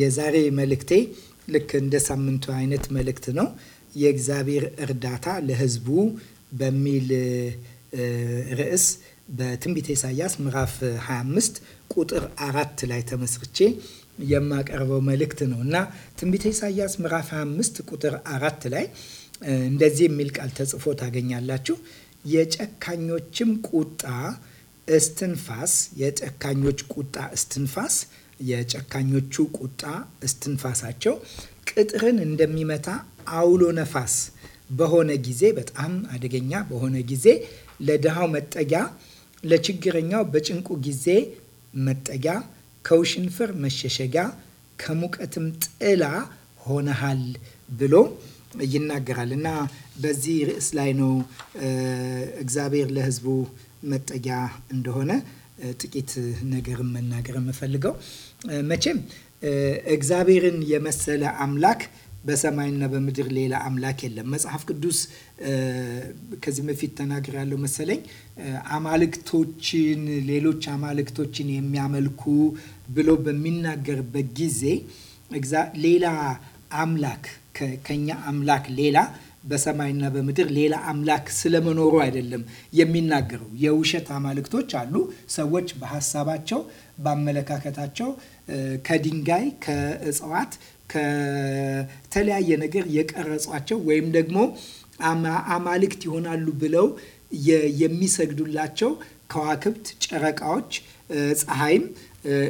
የዛሬ መልእክቴ ልክ እንደ ሳምንቱ አይነት መልእክት ነው። የእግዚአብሔር እርዳታ ለሕዝቡ በሚል ርዕስ በትንቢተ ኢሳያስ ምዕራፍ 25 ቁጥር አራት ላይ ተመስርቼ የማቀርበው መልእክት ነው እና ትንቢተ ኢሳያስ ምዕራፍ 25 ቁጥር አራት ላይ እንደዚህ የሚል ቃል ተጽፎ ታገኛላችሁ። የጨካኞችም ቁጣ እስትንፋስ የጨካኞች ቁጣ እስትንፋስ የጨካኞቹ ቁጣ እስትንፋሳቸው ቅጥርን እንደሚመታ አውሎ ነፋስ በሆነ ጊዜ በጣም አደገኛ በሆነ ጊዜ ለድሃው መጠጊያ፣ ለችግረኛው በጭንቁ ጊዜ መጠጊያ፣ ከውሽንፍር መሸሸጊያ፣ ከሙቀትም ጥላ ሆነሃል ብሎ ይናገራል እና በዚህ ርዕስ ላይ ነው እግዚአብሔር ለሕዝቡ መጠጊያ እንደሆነ ጥቂት ነገርም መናገር የምፈልገው። መቼም እግዚአብሔርን የመሰለ አምላክ በሰማይና በምድር ሌላ አምላክ የለም። መጽሐፍ ቅዱስ ከዚህ በፊት ያለው መሰለኝ አማልክቶችን፣ ሌሎች አማልክቶችን የሚያመልኩ ብሎ በሚናገርበት ጊዜ ሌላ አምላክ ከኛ አምላክ ሌላ በሰማይና በምድር ሌላ አምላክ ስለመኖሩ አይደለም የሚናገረው። የውሸት አማልክቶች አሉ። ሰዎች በሀሳባቸው፣ በአመለካከታቸው ከድንጋይ፣ ከእጽዋት፣ ከተለያየ ነገር የቀረጿቸው ወይም ደግሞ አማልክት ይሆናሉ ብለው የሚሰግዱላቸው ከዋክብት፣ ጨረቃዎች፣ ፀሐይም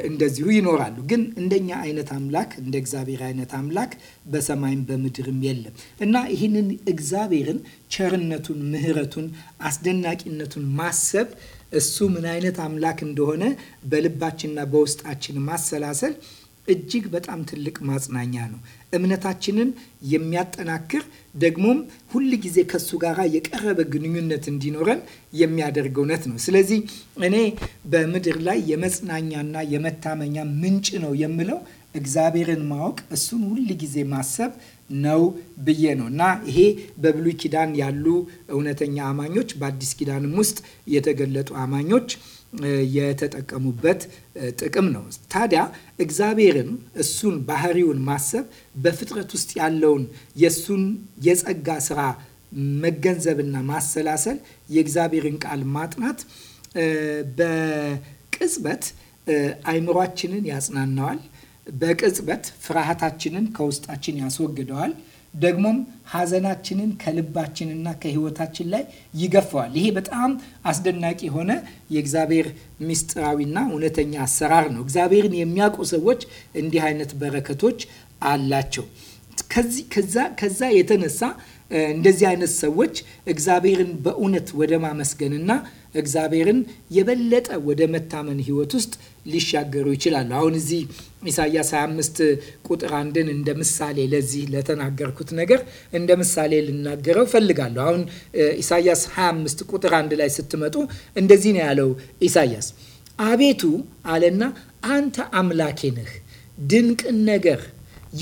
እንደዚሁ ይኖራሉ። ግን እንደኛ አይነት አምላክ እንደ እግዚአብሔር አይነት አምላክ በሰማይም በምድርም የለም እና ይህንን እግዚአብሔርን ቸርነቱን፣ ምሕረቱን፣ አስደናቂነቱን ማሰብ እሱ ምን አይነት አምላክ እንደሆነ በልባችንና በውስጣችን ማሰላሰል እጅግ በጣም ትልቅ ማጽናኛ ነው። እምነታችንን የሚያጠናክር ደግሞም ሁል ጊዜ ከሱ ጋር የቀረበ ግንኙነት እንዲኖረን የሚያደርግ እውነት ነው። ስለዚህ እኔ በምድር ላይ የመጽናኛና የመታመኛ ምንጭ ነው የምለው እግዚአብሔርን ማወቅ እሱን ሁል ጊዜ ማሰብ ነው ብዬ ነው እና ይሄ በብሉይ ኪዳን ያሉ እውነተኛ አማኞች በአዲስ ኪዳንም ውስጥ የተገለጡ አማኞች የተጠቀሙበት ጥቅም ነው። ታዲያ እግዚአብሔርን እሱን ባህሪውን ማሰብ በፍጥረት ውስጥ ያለውን የእሱን የጸጋ ስራ መገንዘብና ማሰላሰል የእግዚአብሔርን ቃል ማጥናት በቅጽበት አይምሯችንን ያጽናናዋል። በቅጽበት ፍርሃታችንን ከውስጣችን ያስወግደዋል። ደግሞም ሐዘናችንን ከልባችንና ከህይወታችን ላይ ይገፋዋል። ይሄ በጣም አስደናቂ የሆነ የእግዚአብሔር ምስጢራዊና እውነተኛ አሰራር ነው። እግዚአብሔርን የሚያውቁ ሰዎች እንዲህ አይነት በረከቶች አላቸው። ከዛ የተነሳ እንደዚህ አይነት ሰዎች እግዚአብሔርን በእውነት ወደ ማመስገንና እግዚአብሔርን የበለጠ ወደ መታመን ህይወት ውስጥ ሊሻገሩ ይችላሉ። አሁን እዚህ ኢሳያስ 25 ቁጥር አንድን እንደ ምሳሌ ለዚህ ለተናገርኩት ነገር እንደ ምሳሌ ልናገረው ፈልጋለሁ። አሁን ኢሳያስ 25 ቁጥር አንድ ላይ ስትመጡ እንደዚህ ነው ያለው ኢሳያስ አቤቱ አለና አንተ አምላኬ ነህ፣ ድንቅን ነገር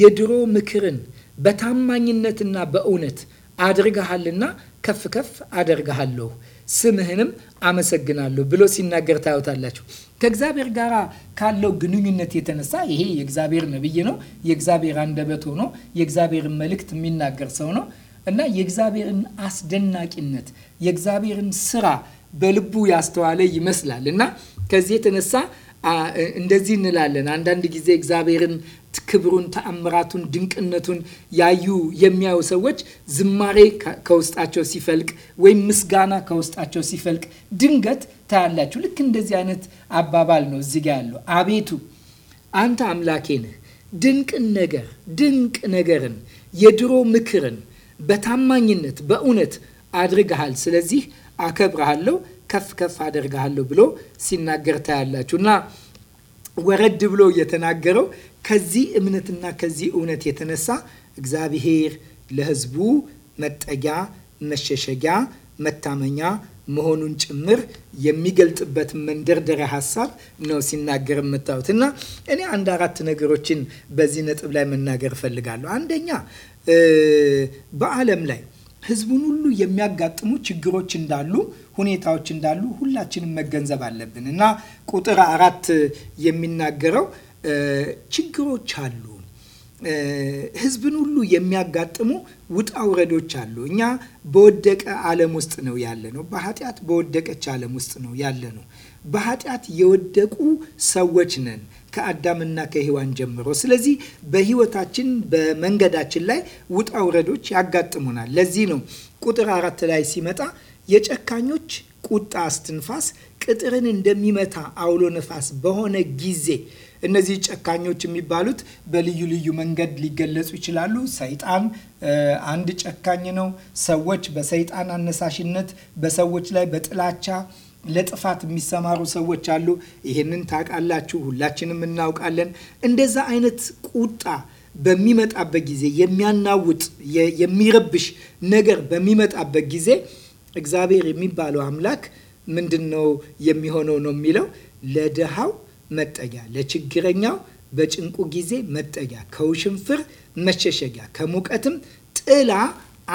የድሮ ምክርን በታማኝነትና በእውነት አድርገሃልና ከፍ ከፍ አደርግሃለሁ ስምህንም አመሰግናለሁ ብሎ ሲናገር ታዩታላችሁ። ከእግዚአብሔር ጋር ካለው ግንኙነት የተነሳ ይሄ የእግዚአብሔር ነብይ ነው። የእግዚአብሔር አንደበት ሆኖ የእግዚአብሔርን መልእክት የሚናገር ሰው ነው እና የእግዚአብሔርን አስደናቂነት የእግዚአብሔርን ስራ በልቡ ያስተዋለ ይመስላል እና ከዚህ የተነሳ እንደዚህ እንላለን አንዳንድ ጊዜ እግዚአብሔርን ክብሩን፣ ተአምራቱን፣ ድንቅነቱን ያዩ የሚያዩ ሰዎች ዝማሬ ከውስጣቸው ሲፈልቅ ወይም ምስጋና ከውስጣቸው ሲፈልቅ ድንገት ታያላችሁ። ልክ እንደዚህ አይነት አባባል ነው እዚህ ጋ ያለው። አቤቱ አንተ አምላኬ ነህ። ድንቅን ነገር ድንቅ ነገርን የድሮ ምክርን በታማኝነት በእውነት አድርገሃል። ስለዚህ አከብረሃለሁ፣ ከፍ ከፍ አደርግሃለሁ ብሎ ሲናገር ታያላችሁ እና ወረድ ብሎ የተናገረው ከዚህ እምነትና ከዚህ እውነት የተነሳ እግዚአብሔር ለሕዝቡ መጠጊያ፣ መሸሸጊያ፣ መታመኛ መሆኑን ጭምር የሚገልጥበት መንደርደሪያ ሀሳብ ነው ሲናገር የምታዩት እና እኔ አንድ አራት ነገሮችን በዚህ ነጥብ ላይ መናገር እፈልጋለሁ። አንደኛ በዓለም ላይ ህዝቡን ሁሉ የሚያጋጥሙ ችግሮች እንዳሉ፣ ሁኔታዎች እንዳሉ ሁላችንም መገንዘብ አለብን እና ቁጥር አራት የሚናገረው ችግሮች አሉ ህዝብን ሁሉ የሚያጋጥሙ ውጣ ውረዶች አሉ። እኛ በወደቀ ዓለም ውስጥ ነው ያለ ነው። በኃጢአት በወደቀች ዓለም ውስጥ ነው ያለ ነው። በኃጢአት የወደቁ ሰዎች ነን። ከአዳምና ከሔዋን ጀምሮ። ስለዚህ በህይወታችን በመንገዳችን ላይ ውጣ ውረዶች ያጋጥሙናል። ለዚህ ነው ቁጥር አራት ላይ ሲመጣ የጨካኞች ቁጣ አስትንፋስ ቅጥርን እንደሚመታ አውሎ ነፋስ በሆነ ጊዜ እነዚህ ጨካኞች የሚባሉት በልዩ ልዩ መንገድ ሊገለጹ ይችላሉ። ሰይጣን አንድ ጨካኝ ነው። ሰዎች በሰይጣን አነሳሽነት በሰዎች ላይ በጥላቻ ለጥፋት የሚሰማሩ ሰዎች አሉ። ይህንን ታውቃላችሁ፣ ሁላችንም እናውቃለን። እንደዛ አይነት ቁጣ በሚመጣበት ጊዜ የሚያናውጥ የሚረብሽ ነገር በሚመጣበት ጊዜ እግዚአብሔር የሚባለው አምላክ ምንድን ነው የሚሆነው ነው የሚለው ለድሃው መጠጊያ፣ ለችግረኛው በጭንቁ ጊዜ መጠጊያ፣ ከውሽንፍር መሸሸጊያ፣ ከሙቀትም ጥላ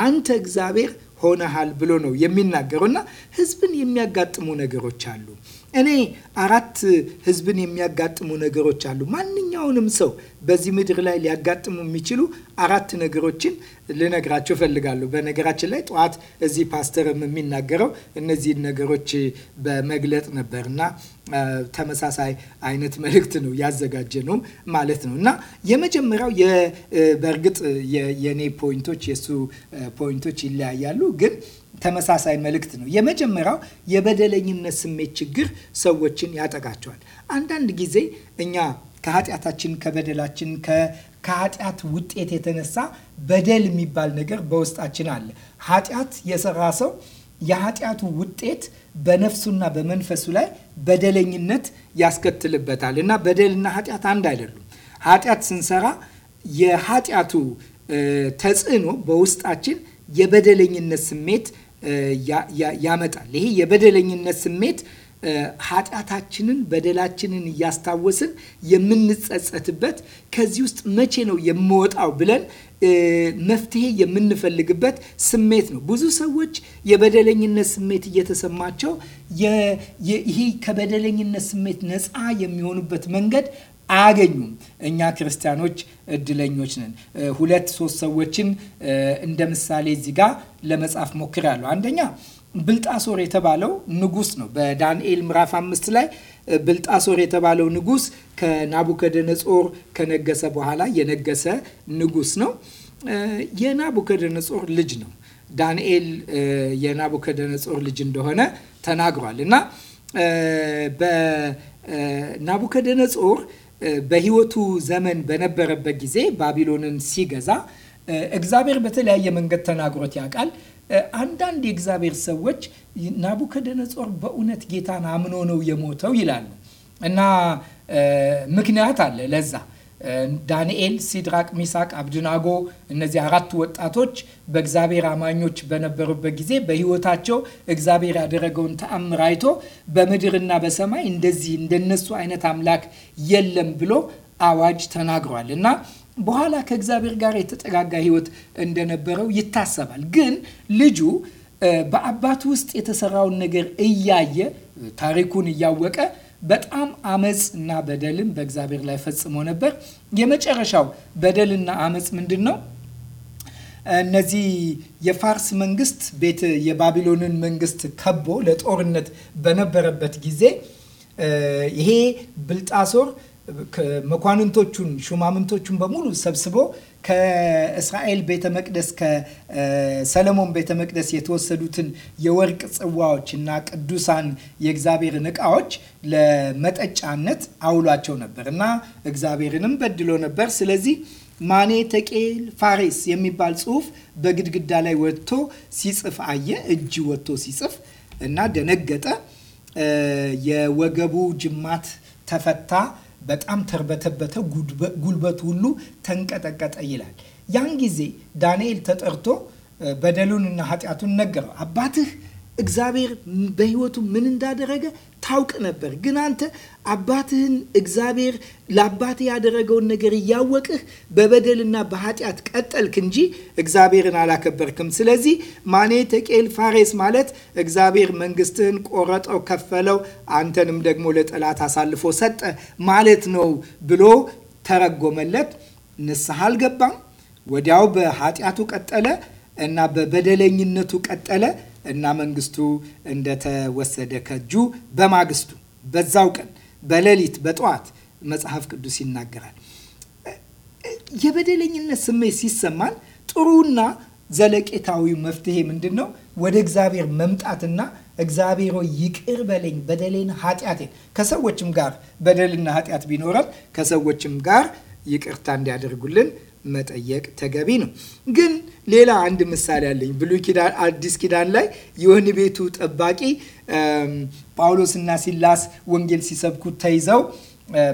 አንተ እግዚአብሔር ሆነሃል ብሎ ነው የሚናገረው እና ህዝብን የሚያጋጥሙ ነገሮች አሉ። እኔ አራት ህዝብን የሚያጋጥሙ ነገሮች አሉ። ማንኛውንም ሰው በዚህ ምድር ላይ ሊያጋጥሙ የሚችሉ አራት ነገሮችን ልነግራቸው እፈልጋለሁ። በነገራችን ላይ ጠዋት እዚህ ፓስተርም የሚናገረው እነዚህን ነገሮች በመግለጥ ነበር እና ተመሳሳይ አይነት መልእክት ነው ያዘጋጀ ነው ማለት ነው እና የመጀመሪያው በእርግጥ የእኔ ፖይንቶች የእሱ ፖይንቶች ይለያያሉ ግን ተመሳሳይ መልእክት ነው። የመጀመሪያው የበደለኝነት ስሜት ችግር ሰዎችን ያጠቃቸዋል። አንዳንድ ጊዜ እኛ ከኃጢአታችን ከበደላችን ከኃጢአት ውጤት የተነሳ በደል የሚባል ነገር በውስጣችን አለ። ኃጢአት የሰራ ሰው የኃጢአቱ ውጤት በነፍሱና በመንፈሱ ላይ በደለኝነት ያስከትልበታል እና በደልና ኃጢአት አንድ አይደሉም። ኃጢአት ስንሰራ የኃጢአቱ ተጽዕኖ በውስጣችን የበደለኝነት ስሜት ያመጣል። ይሄ የበደለኝነት ስሜት ኃጢአታችንን በደላችንን እያስታወስን የምንጸጸትበት ከዚህ ውስጥ መቼ ነው የምወጣው ብለን መፍትሄ የምንፈልግበት ስሜት ነው። ብዙ ሰዎች የበደለኝነት ስሜት እየተሰማቸው ይህ ከበደለኝነት ስሜት ነፃ የሚሆኑበት መንገድ አያገኙም። እኛ ክርስቲያኖች እድለኞች ነን። ሁለት ሶስት ሰዎችን እንደ ምሳሌ እዚህ ጋር ለመጻፍ ሞክራለሁ። አንደኛ ብልጣሶር የተባለው ንጉስ ነው። በዳንኤል ምዕራፍ አምስት ላይ ብልጣሶር የተባለው ንጉስ ከናቡከደነጾር ከነገሰ በኋላ የነገሰ ንጉስ ነው። የናቡከደነጾር ልጅ ነው። ዳንኤል የናቡከደነጾር ልጅ እንደሆነ ተናግሯል እና በናቡከደነጾር በህይወቱ ዘመን በነበረበት ጊዜ ባቢሎንን ሲገዛ እግዚአብሔር በተለያየ መንገድ ተናግሮት ያውቃል። አንዳንድ የእግዚአብሔር ሰዎች ናቡከደነጾር በእውነት ጌታን አምኖ ነው የሞተው ይላሉ እና ምክንያት አለ ለዛ ዳንኤል፣ ሲድራቅ፣ ሚሳቅ፣ አብድናጎ እነዚህ አራቱ ወጣቶች በእግዚአብሔር አማኞች በነበሩበት ጊዜ በሕይወታቸው እግዚአብሔር ያደረገውን ተአምር አይቶ በምድርና በሰማይ እንደዚህ እንደነሱ አይነት አምላክ የለም ብሎ አዋጅ ተናግሯል እና በኋላ ከእግዚአብሔር ጋር የተጠጋጋ ሕይወት እንደነበረው ይታሰባል። ግን ልጁ በአባቱ ውስጥ የተሰራውን ነገር እያየ ታሪኩን እያወቀ በጣም አመፅ እና በደልን በእግዚአብሔር ላይ ፈጽሞ ነበር። የመጨረሻው በደልና አመፅ ምንድን ነው? እነዚህ የፋርስ መንግስት ቤት የባቢሎንን መንግስት ከቦ ለጦርነት በነበረበት ጊዜ ይሄ ብልጣሶር መኳንንቶቹን ሹማምንቶቹን በሙሉ ሰብስቦ ከእስራኤል ቤተ መቅደስ ከሰለሞን ቤተ መቅደስ የተወሰዱትን የወርቅ ጽዋዎች እና ቅዱሳን የእግዚአብሔርን እቃዎች ለመጠጫነት አውሏቸው ነበር እና እግዚአብሔርንም በድሎ ነበር። ስለዚህ ማኔ ተቄል ፋሬስ የሚባል ጽሑፍ በግድግዳ ላይ ወጥቶ ሲጽፍ አየ። እጅ ወጥቶ ሲጽፍ እና ደነገጠ። የወገቡ ጅማት ተፈታ። በጣም ተርበተበተ፣ ጉልበት ሁሉ ተንቀጠቀጠ ይላል። ያን ጊዜ ዳንኤል ተጠርቶ በደሉንና ኃጢአቱን ነገረው። አባትህ እግዚአብሔር በህይወቱ ምን እንዳደረገ ታውቅ ነበር። ግን አንተ አባትህን እግዚአብሔር ለአባትህ ያደረገውን ነገር እያወቅህ በበደልና በኃጢአት ቀጠልክ እንጂ እግዚአብሔርን አላከበርክም። ስለዚህ ማኔ ተቄል ፋሬስ ማለት እግዚአብሔር መንግስትህን ቆረጠው፣ ከፈለው፣ አንተንም ደግሞ ለጠላት አሳልፎ ሰጠ ማለት ነው ብሎ ተረጎመለት። ንስሐ አልገባም። ወዲያው በኃጢአቱ ቀጠለ እና በበደለኝነቱ ቀጠለ። እና መንግስቱ እንደተወሰደ ከእጁ በማግስቱ በዛው ቀን በሌሊት በጠዋት መጽሐፍ ቅዱስ ይናገራል። የበደለኝነት ስሜት ሲሰማን ጥሩና ዘለቄታዊ መፍትሄ ምንድን ነው? ወደ እግዚአብሔር መምጣትና እግዚአብሔር ሆይ ይቅር በለኝ በደሌን፣ ኃጢአቴን ከሰዎችም ጋር በደልና ኃጢአት ቢኖረን ከሰዎችም ጋር ይቅርታ እንዲያደርጉልን መጠየቅ ተገቢ ነው። ግን ሌላ አንድ ምሳሌ አለኝ። ብሉይ ኪዳን፣ አዲስ ኪዳን ላይ የወህኒ ቤቱ ጠባቂ ጳውሎስና ሲላስ ወንጌል ሲሰብኩ ተይዘው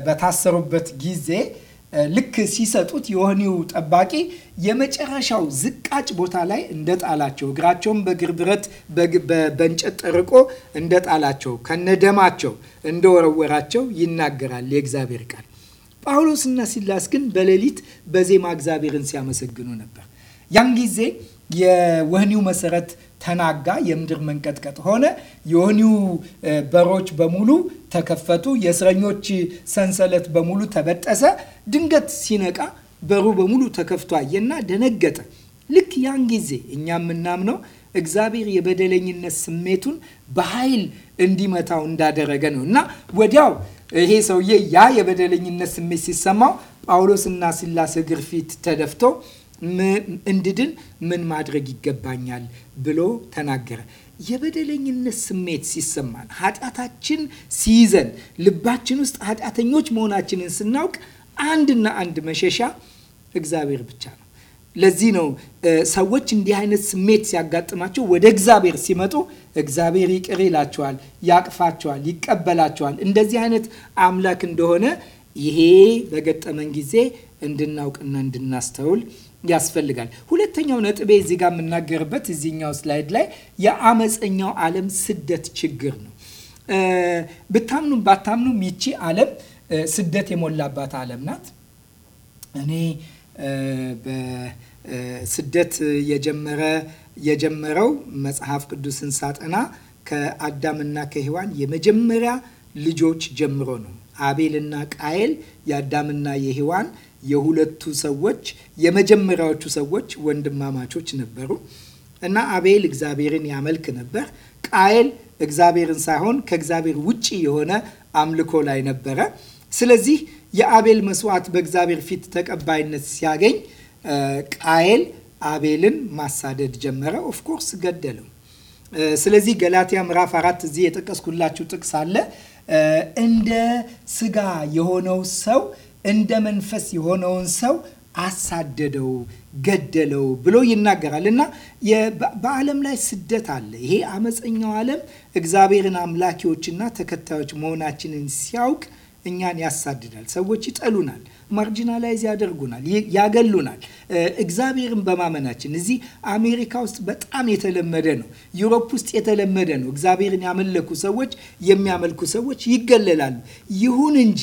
በታሰሩበት ጊዜ ልክ ሲሰጡት የወህኒው ጠባቂ የመጨረሻው ዝቃጭ ቦታ ላይ እንደጣላቸው እግራቸውን በግር ብረት በእንጨት ጠርቆ እንደጣላቸው ከነደማቸው እንደወረወራቸው ይናገራል የእግዚአብሔር ቃል። ጳውሎስና ሲላስ ግን በሌሊት በዜማ እግዚአብሔርን ሲያመሰግኑ ነበር። ያን ጊዜ የወህኒው መሰረት ተናጋ፣ የምድር መንቀጥቀጥ ሆነ። የወህኒው በሮች በሙሉ ተከፈቱ፣ የእስረኞች ሰንሰለት በሙሉ ተበጠሰ። ድንገት ሲነቃ በሩ በሙሉ ተከፍቶ አየና ደነገጠ። ልክ ያን ጊዜ እኛ የምናምነው እግዚአብሔር የበደለኝነት ስሜቱን በኃይል እንዲመታው እንዳደረገ ነው እና ወዲያው ይሄ ሰውዬ ያ የበደለኝነት ስሜት ሲሰማው ጳውሎስና ሲላስ እግር ፊት ተደፍቶ እንድድን ምን ማድረግ ይገባኛል ብሎ ተናገረ። የበደለኝነት ስሜት ሲሰማን፣ ኃጢአታችን ሲይዘን፣ ልባችን ውስጥ ኃጢአተኞች መሆናችንን ስናውቅ አንድና አንድ መሸሻ እግዚአብሔር ብቻ ነው። ለዚህ ነው ሰዎች እንዲህ አይነት ስሜት ሲያጋጥማቸው ወደ እግዚአብሔር ሲመጡ እግዚአብሔር ይቅር ይላቸዋል፣ ያቅፋቸዋል፣ ይቀበላቸዋል። እንደዚህ አይነት አምላክ እንደሆነ ይሄ በገጠመን ጊዜ እንድናውቅና እንድናስተውል ያስፈልጋል። ሁለተኛው ነጥቤ እዚህ ጋር የምናገርበት እዚህኛው ስላይድ ላይ የአመፀኛው ዓለም ስደት ችግር ነው። ብታምኑም ባታምኑም ይቺ ዓለም ስደት የሞላባት ዓለም ናት። እኔ በስደት የጀመረ የጀመረው መጽሐፍ ቅዱስን ሳጠና ከአዳምና ከሔዋን የመጀመሪያ ልጆች ጀምሮ ነው። አቤልና ቃየል የአዳምና የሔዋን የሁለቱ ሰዎች የመጀመሪያዎቹ ሰዎች ወንድማማቾች ነበሩ እና አቤል እግዚአብሔርን ያመልክ ነበር። ቃየል እግዚአብሔርን ሳይሆን ከእግዚአብሔር ውጭ የሆነ አምልኮ ላይ ነበረ። ስለዚህ የአቤል መስዋዕት በእግዚአብሔር ፊት ተቀባይነት ሲያገኝ ቃየል አቤልን ማሳደድ ጀመረ። ኦፍኮርስ ገደለው። ስለዚህ ገላትያ ምዕራፍ አራት እዚህ የጠቀስኩላችሁ ጥቅስ አለ። እንደ ስጋ የሆነው ሰው እንደ መንፈስ የሆነውን ሰው አሳደደው፣ ገደለው ብሎ ይናገራል እና በዓለም ላይ ስደት አለ። ይሄ አመፀኛው ዓለም እግዚአብሔርን አምላኪዎችና ተከታዮች መሆናችንን ሲያውቅ እኛን ያሳድዳል። ሰዎች ይጠሉናል፣ ማርጂናላይዝ ያደርጉናል፣ ያገሉናል። እግዚአብሔርን በማመናችን እዚህ አሜሪካ ውስጥ በጣም የተለመደ ነው። ዩሮፕ ውስጥ የተለመደ ነው። እግዚአብሔርን ያመለኩ ሰዎች የሚያመልኩ ሰዎች ይገለላሉ። ይሁን እንጂ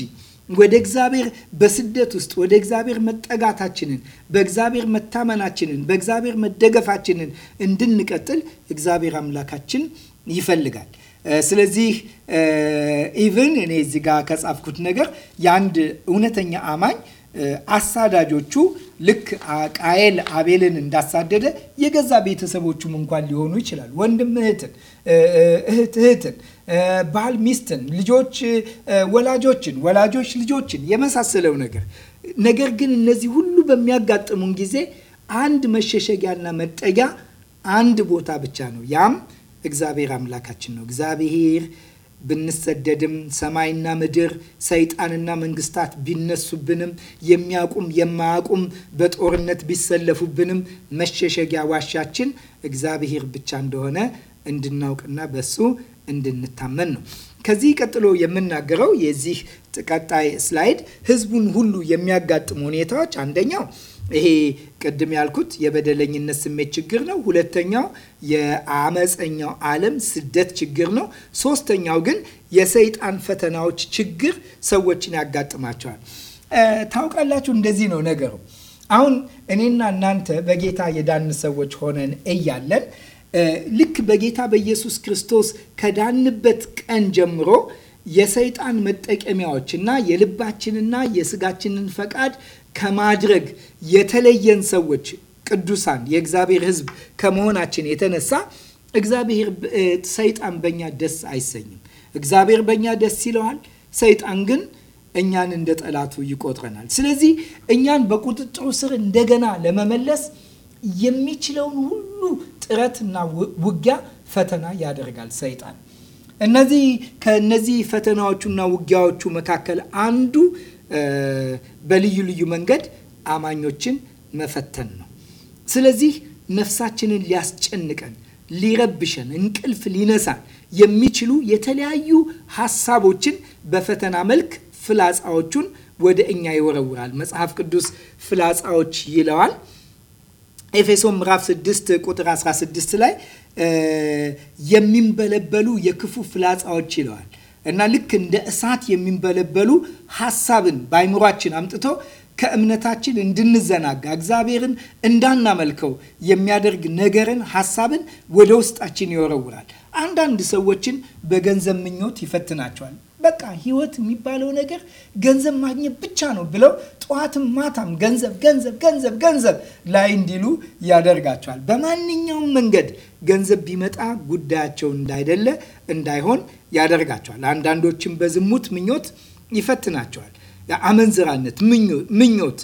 ወደ እግዚአብሔር በስደት ውስጥ ወደ እግዚአብሔር መጠጋታችንን በእግዚአብሔር መታመናችንን በእግዚአብሔር መደገፋችንን እንድንቀጥል እግዚአብሔር አምላካችን ይፈልጋል። ስለዚህ ኢቭን እኔ እዚ ጋ ከጻፍኩት ነገር የአንድ እውነተኛ አማኝ አሳዳጆቹ ልክ ቃየል አቤልን እንዳሳደደ የገዛ ቤተሰቦቹም እንኳን ሊሆኑ ይችላል። ወንድም እህትን፣ እህት እህትን፣ ባል ሚስትን፣ ልጆች ወላጆችን፣ ወላጆች ልጆችን የመሳሰለው ነገር ነገር ግን እነዚህ ሁሉ በሚያጋጥሙን ጊዜ አንድ መሸሸጊያና መጠጊያ አንድ ቦታ ብቻ ነው ያም እግዚአብሔር አምላካችን ነው። እግዚአብሔር ብንሰደድም ሰማይና ምድር ሰይጣንና መንግስታት ቢነሱብንም የሚያቁም የማያቁም በጦርነት ቢሰለፉብንም መሸሸጊያ ዋሻችን እግዚአብሔር ብቻ እንደሆነ እንድናውቅና በሱ እንድንታመን ነው። ከዚህ ቀጥሎ የምናገረው የዚህ ቀጣይ ስላይድ ህዝቡን ሁሉ የሚያጋጥሙ ሁኔታዎች አንደኛው ይሄ ቅድም ያልኩት የበደለኝነት ስሜት ችግር ነው። ሁለተኛው የአመፀኛው ዓለም ስደት ችግር ነው። ሶስተኛው ግን የሰይጣን ፈተናዎች ችግር ሰዎችን ያጋጥማቸዋል። ታውቃላችሁ፣ እንደዚህ ነው ነገሩ። አሁን እኔና እናንተ በጌታ የዳን ሰዎች ሆነን እያለን ልክ በጌታ በኢየሱስ ክርስቶስ ከዳንበት ቀን ጀምሮ የሰይጣን መጠቀሚያዎች እና የልባችንና የስጋችንን ፈቃድ ከማድረግ የተለየን ሰዎች ቅዱሳን የእግዚአብሔር ሕዝብ ከመሆናችን የተነሳ እግዚአብሔር ሰይጣን በእኛ ደስ አይሰኝም። እግዚአብሔር በእኛ ደስ ይለዋል። ሰይጣን ግን እኛን እንደ ጠላቱ ይቆጥረናል። ስለዚህ እኛን በቁጥጥሩ ስር እንደገና ለመመለስ የሚችለውን ሁሉ ጥረትና ውጊያ ፈተና ያደርጋል ሰይጣን። እነዚህ ከእነዚህ ፈተናዎቹና ውጊያዎቹ መካከል አንዱ በልዩ ልዩ መንገድ አማኞችን መፈተን ነው። ስለዚህ ነፍሳችንን ሊያስጨንቀን፣ ሊረብሸን፣ እንቅልፍ ሊነሳን የሚችሉ የተለያዩ ሀሳቦችን በፈተና መልክ ፍላጻዎቹን ወደ እኛ ይወረውራል። መጽሐፍ ቅዱስ ፍላጻዎች ይለዋል። ኤፌሶን ምዕራፍ 6 ቁጥር 16 ላይ የሚንበለበሉ የክፉ ፍላጻዎች ይለዋል። እና ልክ እንደ እሳት የሚንበለበሉ ሀሳብን በአይምሯችን አምጥቶ ከእምነታችን እንድንዘናጋ እግዚአብሔርን እንዳናመልከው የሚያደርግ ነገርን፣ ሀሳብን ወደ ውስጣችን ይወረውራል። አንዳንድ ሰዎችን በገንዘብ ምኞት ይፈትናቸዋል። በቃ ህይወት የሚባለው ነገር ገንዘብ ማግኘት ብቻ ነው ብለው ጠዋትም ማታም ገንዘብ ገንዘብ ገንዘብ ገንዘብ ላይ እንዲሉ ያደርጋቸዋል። በማንኛውም መንገድ ገንዘብ ቢመጣ ጉዳያቸው እንዳይደለ እንዳይሆን ያደርጋቸዋል። አንዳንዶችም በዝሙት ምኞት ይፈትናቸዋል። አመንዝራነት፣ ምኞት፣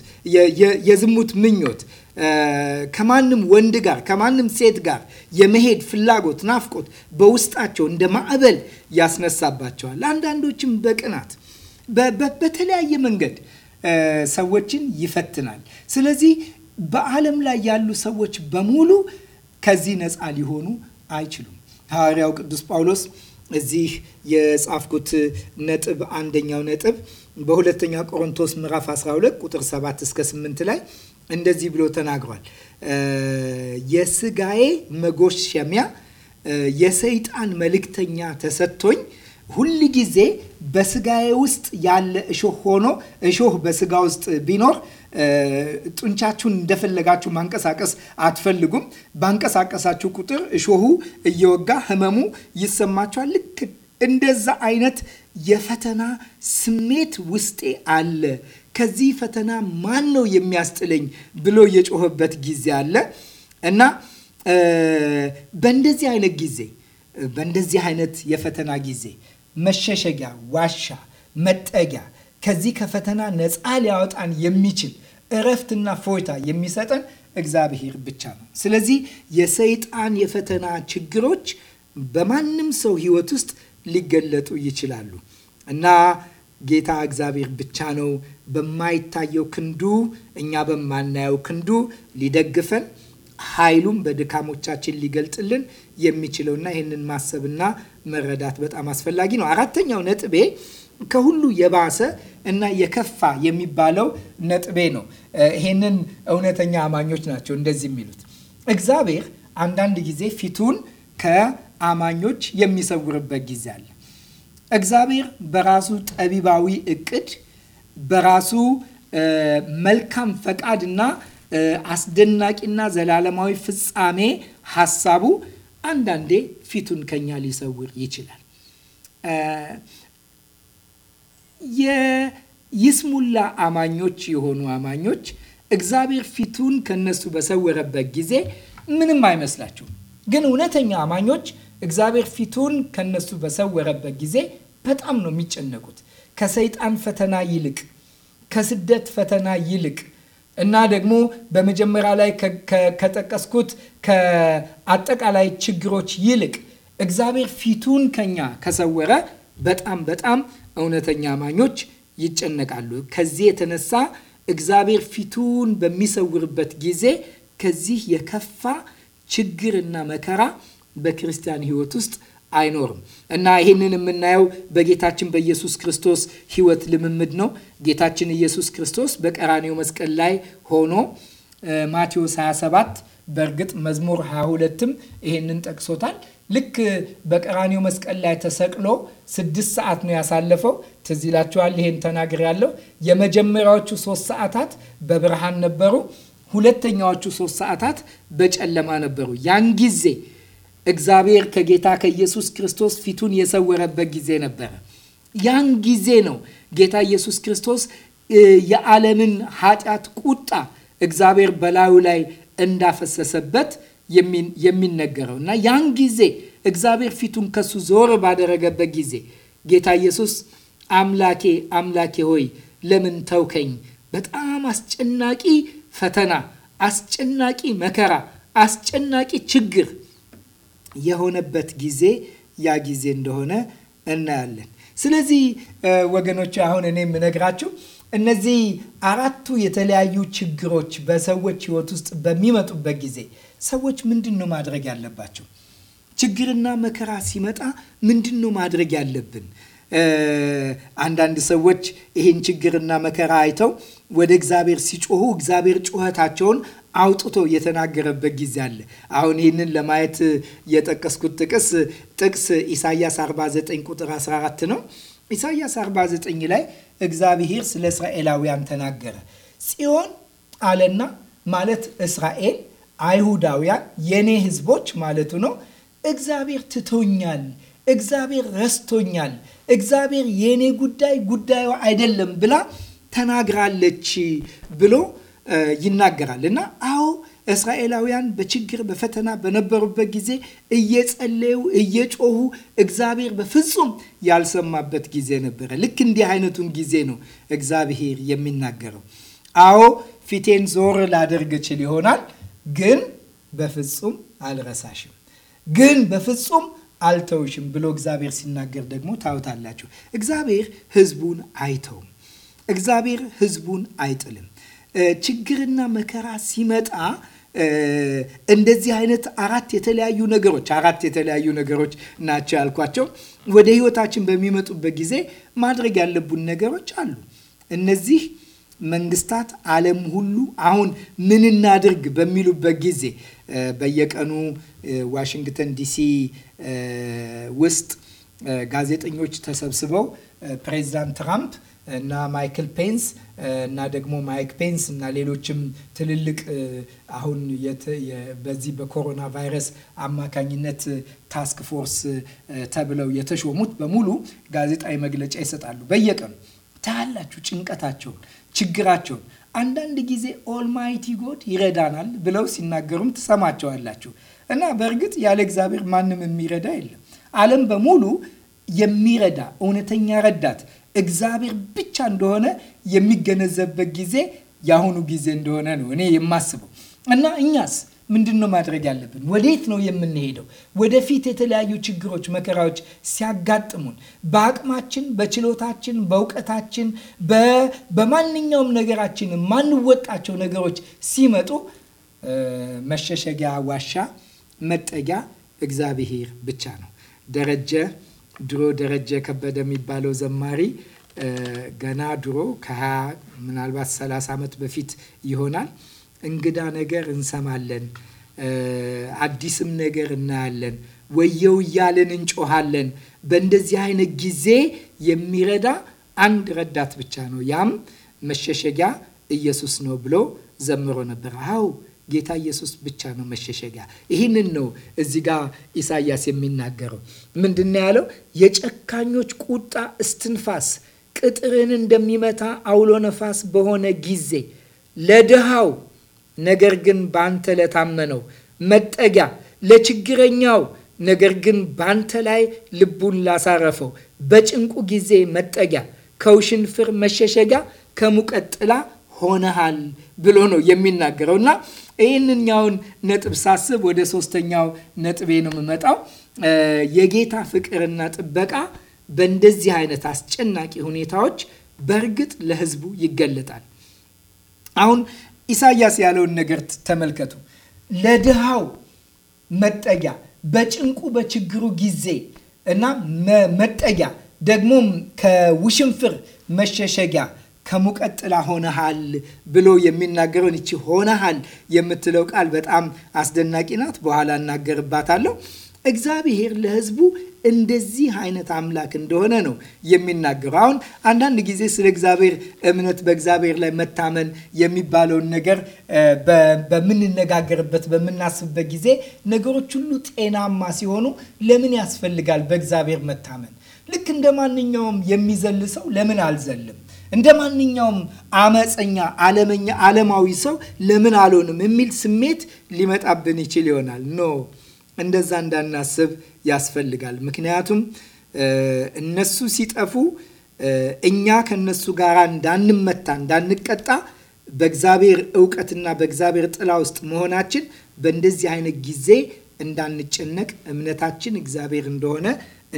የዝሙት ምኞት፣ ከማንም ወንድ ጋር ከማንም ሴት ጋር የመሄድ ፍላጎት፣ ናፍቆት በውስጣቸው እንደ ማዕበል ያስነሳባቸዋል። አንዳንዶችም በቅናት በተለያየ መንገድ ሰዎችን ይፈትናል። ስለዚህ በዓለም ላይ ያሉ ሰዎች በሙሉ ከዚህ ነፃ ሊሆኑ አይችሉም። ሐዋርያው ቅዱስ ጳውሎስ እዚህ የጻፍኩት ነጥብ አንደኛው ነጥብ በሁለተኛ ቆሮንቶስ ምዕራፍ 12 ቁጥር 7 እስከ 8 ላይ እንደዚህ ብሎ ተናግሯል። የስጋዬ መጎሸሚያ የሰይጣን መልእክተኛ ተሰጥቶኝ ሁል ጊዜ በስጋዬ ውስጥ ያለ እሾህ ሆኖ እሾህ በስጋ ውስጥ ቢኖር ጡንቻችሁን እንደፈለጋችሁ ማንቀሳቀስ አትፈልጉም። ባንቀሳቀሳችሁ ቁጥር እሾሁ እየወጋ ህመሙ ይሰማችኋል። ልክ እንደዛ አይነት የፈተና ስሜት ውስጤ አለ። ከዚህ ፈተና ማን ነው የሚያስጥለኝ ብሎ የጮኸበት ጊዜ አለ እና በእንደዚህ አይነት ጊዜ በእንደዚህ አይነት የፈተና ጊዜ መሸሸጊያ፣ ዋሻ፣ መጠጊያ ከዚህ ከፈተና ነፃ ሊያወጣን የሚችል እረፍትና ፎይታ የሚሰጠን እግዚአብሔር ብቻ ነው። ስለዚህ የሰይጣን የፈተና ችግሮች በማንም ሰው ሕይወት ውስጥ ሊገለጡ ይችላሉ። እና ጌታ እግዚአብሔር ብቻ ነው በማይታየው ክንዱ እኛ በማናየው ክንዱ ሊደግፈን ኃይሉም በድካሞቻችን ሊገልጥልን የሚችለውና ይህንን ማሰብና መረዳት በጣም አስፈላጊ ነው። አራተኛው ነጥቤ ከሁሉ የባሰ እና የከፋ የሚባለው ነጥቤ ነው። ይህንን እውነተኛ አማኞች ናቸው እንደዚህ የሚሉት እግዚአብሔር አንዳንድ ጊዜ ፊቱን ከአማኞች የሚሰውርበት ጊዜ አለ። እግዚአብሔር በራሱ ጠቢባዊ እቅድ በራሱ መልካም ፈቃድ አስደናቂና ዘላለማዊ ፍጻሜ ሀሳቡ አንዳንዴ ፊቱን ከኛ ሊሰውር ይችላል። የይስሙላ አማኞች የሆኑ አማኞች እግዚአብሔር ፊቱን ከነሱ በሰወረበት ጊዜ ምንም አይመስላችሁም። ግን እውነተኛ አማኞች እግዚአብሔር ፊቱን ከነሱ በሰወረበት ጊዜ በጣም ነው የሚጨነቁት። ከሰይጣን ፈተና ይልቅ፣ ከስደት ፈተና ይልቅ እና ደግሞ በመጀመሪያ ላይ ከጠቀስኩት ከአጠቃላይ ችግሮች ይልቅ እግዚአብሔር ፊቱን ከኛ ከሰወረ በጣም በጣም እውነተኛ አማኞች ይጨነቃሉ። ከዚህ የተነሳ እግዚአብሔር ፊቱን በሚሰውርበት ጊዜ ከዚህ የከፋ ችግርና መከራ በክርስቲያን ህይወት ውስጥ አይኖርም እና ይህንን የምናየው በጌታችን በኢየሱስ ክርስቶስ ህይወት ልምምድ ነው። ጌታችን ኢየሱስ ክርስቶስ በቀራኔው መስቀል ላይ ሆኖ ማቴዎስ 27 በእርግጥ መዝሙር 22ም ይህንን ጠቅሶታል። ልክ በቀራኔው መስቀል ላይ ተሰቅሎ ስድስት ሰዓት ነው ያሳለፈው። ትዝ ይላችኋል፣ ይሄን ተናግር ያለው የመጀመሪያዎቹ ሶስት ሰዓታት በብርሃን ነበሩ፣ ሁለተኛዎቹ ሶስት ሰዓታት በጨለማ ነበሩ። ያን ጊዜ እግዚአብሔር ከጌታ ከኢየሱስ ክርስቶስ ፊቱን የሰወረበት ጊዜ ነበረ። ያን ጊዜ ነው ጌታ ኢየሱስ ክርስቶስ የዓለምን ኃጢአት ቁጣ እግዚአብሔር በላዩ ላይ እንዳፈሰሰበት የሚነገረው እና ያን ጊዜ እግዚአብሔር ፊቱን ከሱ ዞር ባደረገበት ጊዜ ጌታ ኢየሱስ አምላኬ አምላኬ ሆይ ለምን ተውከኝ? በጣም አስጨናቂ ፈተና፣ አስጨናቂ መከራ፣ አስጨናቂ ችግር የሆነበት ጊዜ ያ ጊዜ እንደሆነ እናያለን። ስለዚህ ወገኖች አሁን እኔ የምነግራችሁ እነዚህ አራቱ የተለያዩ ችግሮች በሰዎች ሕይወት ውስጥ በሚመጡበት ጊዜ ሰዎች ምንድን ነው ማድረግ ያለባቸው? ችግርና መከራ ሲመጣ ምንድን ነው ማድረግ ያለብን? አንዳንድ ሰዎች ይህን ችግርና መከራ አይተው ወደ እግዚአብሔር ሲጮሁ እግዚአብሔር ጩኸታቸውን አውጥቶ የተናገረበት ጊዜ አለ። አሁን ይህንን ለማየት የጠቀስኩት ጥቅስ ጥቅስ ኢሳያስ 49 ቁጥር 14 ነው። ኢሳያስ 49 ላይ እግዚአብሔር ስለ እስራኤላውያን ተናገረ። ጽዮን አለና ማለት እስራኤል፣ አይሁዳውያን የኔ ህዝቦች ማለቱ ነው። እግዚአብሔር ትቶኛል፣ እግዚአብሔር ረስቶኛል፣ እግዚአብሔር የኔ ጉዳይ ጉዳዩ አይደለም ብላ ተናግራለች ብሎ ይናገራል እና አዎ እስራኤላውያን በችግር በፈተና በነበሩበት ጊዜ እየጸለዩ እየጮሁ እግዚአብሔር በፍጹም ያልሰማበት ጊዜ ነበረ። ልክ እንዲህ አይነቱን ጊዜ ነው እግዚአብሔር የሚናገረው። አዎ ፊቴን ዞር ላደርግ እችል ይሆናል፣ ግን በፍጹም አልረሳሽም፣ ግን በፍጹም አልተውሽም ብሎ እግዚአብሔር ሲናገር ደግሞ ታውታላችሁ። እግዚአብሔር ሕዝቡን አይተውም። እግዚአብሔር ሕዝቡን አይጥልም። ችግርና መከራ ሲመጣ እንደዚህ አይነት አራት የተለያዩ ነገሮች አራት የተለያዩ ነገሮች ናቸው ያልኳቸው ወደ ህይወታችን በሚመጡበት ጊዜ ማድረግ ያለቡን ነገሮች አሉ። እነዚህ መንግስታት ዓለም ሁሉ አሁን ምን እናድርግ በሚሉበት ጊዜ በየቀኑ ዋሽንግተን ዲሲ ውስጥ ጋዜጠኞች ተሰብስበው ፕሬዚዳንት ትራምፕ እና ማይክል ፔንስ እና ደግሞ ማይክ ፔንስ እና ሌሎችም ትልልቅ አሁን በዚህ በኮሮና ቫይረስ አማካኝነት ታስክ ፎርስ ተብለው የተሾሙት በሙሉ ጋዜጣዊ መግለጫ ይሰጣሉ። በየቀኑ ታያላችሁ ጭንቀታቸውን፣ ችግራቸውን አንዳንድ ጊዜ ኦልማይቲ ጎድ ይረዳናል ብለው ሲናገሩም ትሰማቸዋላችሁ። እና በእርግጥ ያለ እግዚአብሔር ማንም የሚረዳ የለም። ዓለም በሙሉ የሚረዳ እውነተኛ ረዳት እግዚአብሔር ብቻ እንደሆነ የሚገነዘብበት ጊዜ የአሁኑ ጊዜ እንደሆነ ነው እኔ የማስበው እና እኛስ ምንድን ነው ማድረግ ያለብን? ወዴት ነው የምንሄደው? ወደፊት የተለያዩ ችግሮች፣ መከራዎች ሲያጋጥሙን በአቅማችን፣ በችሎታችን፣ በእውቀታችን፣ በማንኛውም ነገራችን የማንወጣቸው ነገሮች ሲመጡ መሸሸጊያ ዋሻ መጠጊያ እግዚአብሔር ብቻ ነው። ደረጀ ድሮ ደረጀ ከበደ የሚባለው ዘማሪ ገና ድሮ ከ20 ምናልባት 30 ዓመት በፊት ይሆናል እንግዳ ነገር እንሰማለን፣ አዲስም ነገር እናያለን፣ ወየው እያልን እንጮሃለን። በእንደዚህ አይነት ጊዜ የሚረዳ አንድ ረዳት ብቻ ነው፣ ያም መሸሸጊያ ኢየሱስ ነው ብሎ ዘምሮ ነበር። አው ጌታ ኢየሱስ ብቻ ነው መሸሸጊያ። ይህንን ነው እዚህ ጋር ኢሳያስ የሚናገረው። ምንድን ያለው? የጨካኞች ቁጣ እስትንፋስ ቅጥርን እንደሚመታ አውሎ ነፋስ በሆነ ጊዜ ለድሃው ነገር ግን ባንተ ለታመነው መጠጊያ ለችግረኛው ነገር ግን ባንተ ላይ ልቡን ላሳረፈው በጭንቁ ጊዜ መጠጊያ ከውሽንፍር መሸሸጊያ ከሙቀት ጥላ ሆነሃል ብሎ ነው የሚናገረው እና ይህንኛውን ነጥብ ሳስብ ወደ ሶስተኛው ነጥቤ ነው የምመጣው። የጌታ ፍቅርና ጥበቃ በእንደዚህ አይነት አስጨናቂ ሁኔታዎች በእርግጥ ለህዝቡ ይገለጣል። አሁን ኢሳያስ ያለውን ነገር ተመልከቱ። ለድሃው መጠጊያ በጭንቁ በችግሩ ጊዜ እና መጠጊያ ደግሞም ከውሽንፍር መሸሸጊያ ከሙቀት ጥላ ሆነሃል ብሎ የሚናገረውን እቺ ሆነሃል የምትለው ቃል በጣም አስደናቂ ናት። በኋላ እናገርባታለሁ። እግዚአብሔር ለሕዝቡ እንደዚህ አይነት አምላክ እንደሆነ ነው የሚናገረው። አሁን አንዳንድ ጊዜ ስለ እግዚአብሔር እምነት፣ በእግዚአብሔር ላይ መታመን የሚባለውን ነገር በምንነጋገርበት በምናስብበት ጊዜ ነገሮች ሁሉ ጤናማ ሲሆኑ ለምን ያስፈልጋል በእግዚአብሔር መታመን? ልክ እንደ ማንኛውም የሚዘል ሰው ለምን አልዘልም? እንደ ማንኛውም አመፀኛ አለመኛ፣ ዓለማዊ ሰው ለምን አልሆንም የሚል ስሜት ሊመጣብን ይችል ይሆናል። ኖ እንደዛ እንዳናስብ ያስፈልጋል። ምክንያቱም እነሱ ሲጠፉ እኛ ከነሱ ጋር እንዳንመታ እንዳንቀጣ በእግዚአብሔር እውቀትና በእግዚአብሔር ጥላ ውስጥ መሆናችን በእንደዚህ አይነት ጊዜ እንዳንጨነቅ እምነታችን እግዚአብሔር እንደሆነ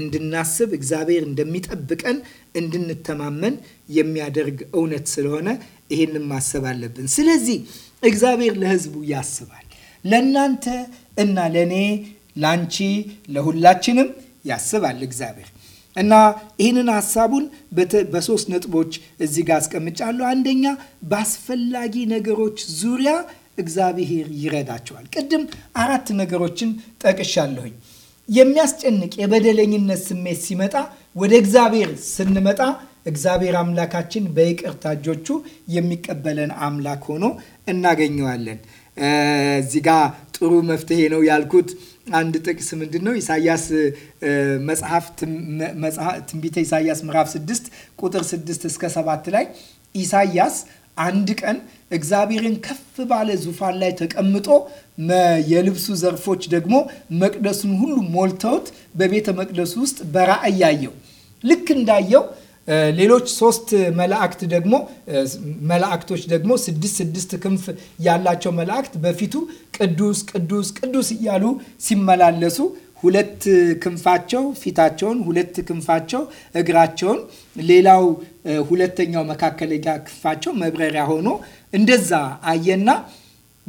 እንድናስብ እግዚአብሔር እንደሚጠብቀን እንድንተማመን የሚያደርግ እውነት ስለሆነ ይሄንን ማሰብ አለብን። ስለዚህ እግዚአብሔር ለሕዝቡ ያስባል። ለእናንተ እና ለእኔ፣ ላንቺ፣ ለሁላችንም ያስባል እግዚአብሔር እና ይህንን ሀሳቡን በሶስት ነጥቦች እዚህ ጋር አስቀምጫለሁ። አንደኛ በአስፈላጊ ነገሮች ዙሪያ እግዚአብሔር ይረዳቸዋል። ቅድም አራት ነገሮችን ጠቅሻለሁኝ። የሚያስጨንቅ የበደለኝነት ስሜት ሲመጣ ወደ እግዚአብሔር ስንመጣ እግዚአብሔር አምላካችን በይቅርታ እጆቹ የሚቀበለን አምላክ ሆኖ እናገኘዋለን። እዚህ ጋ ጥሩ መፍትሄ ነው ያልኩት አንድ ጥቅስ ምንድን ነው? ኢሳያስ መጽሐፍ ትንቢተ ኢሳያስ ምዕራፍ 6 ቁጥር 6 እስከ 7 ላይ ኢሳያስ አንድ ቀን እግዚአብሔርን ከፍ ባለ ዙፋን ላይ ተቀምጦ የልብሱ ዘርፎች ደግሞ መቅደሱን ሁሉ ሞልተውት በቤተ መቅደሱ ውስጥ በራእይ ያየው። ልክ እንዳየው ሌሎች ሶስት መላእክት ደግሞ መላእክቶች ደግሞ ስድስት ስድስት ክንፍ ያላቸው መላእክት በፊቱ ቅዱስ ቅዱስ ቅዱስ እያሉ ሲመላለሱ ሁለት ክንፋቸው ፊታቸውን፣ ሁለት ክንፋቸው እግራቸውን፣ ሌላው ሁለተኛው መካከለኛ ክፋቸው መብረሪያ ሆኖ እንደዛ አየና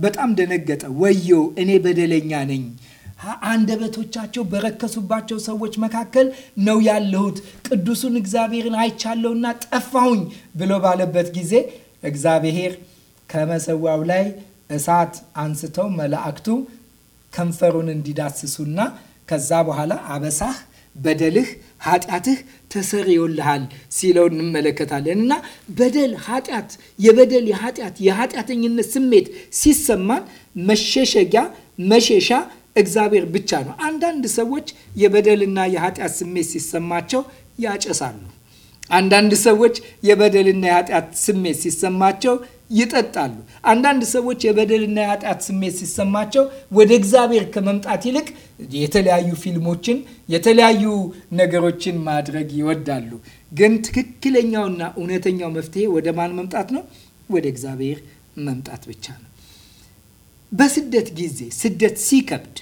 በጣም ደነገጠ። ወዮ እኔ በደለኛ ነኝ፣ አንደበቶቻቸው በረከሱባቸው ሰዎች መካከል ነው ያለሁት፣ ቅዱሱን እግዚአብሔርን አይቻለሁና ጠፋሁኝ ብሎ ባለበት ጊዜ እግዚአብሔር ከመሰዊያው ላይ እሳት አንስተው መላእክቱ ከንፈሩን እንዲዳስሱና ከዛ በኋላ አበሳህ በደልህ ኃጢአትህ ተሰርዮልሃል ሲለው እንመለከታለን። እና በደል ኃጢአት፣ የበደል የኃጢአት የኃጢአተኝነት ስሜት ሲሰማን መሸሸጊያ መሸሻ እግዚአብሔር ብቻ ነው። አንዳንድ ሰዎች የበደልና የኃጢአት ስሜት ሲሰማቸው ያጨሳሉ። አንዳንድ ሰዎች የበደልና የኃጢአት ስሜት ሲሰማቸው ይጠጣሉ። አንዳንድ ሰዎች የበደልና የኃጢአት ስሜት ሲሰማቸው ወደ እግዚአብሔር ከመምጣት ይልቅ የተለያዩ ፊልሞችን፣ የተለያዩ ነገሮችን ማድረግ ይወዳሉ። ግን ትክክለኛውና እውነተኛው መፍትሄ ወደ ማን መምጣት ነው? ወደ እግዚአብሔር መምጣት ብቻ ነው። በስደት ጊዜ ስደት ሲከብድ፣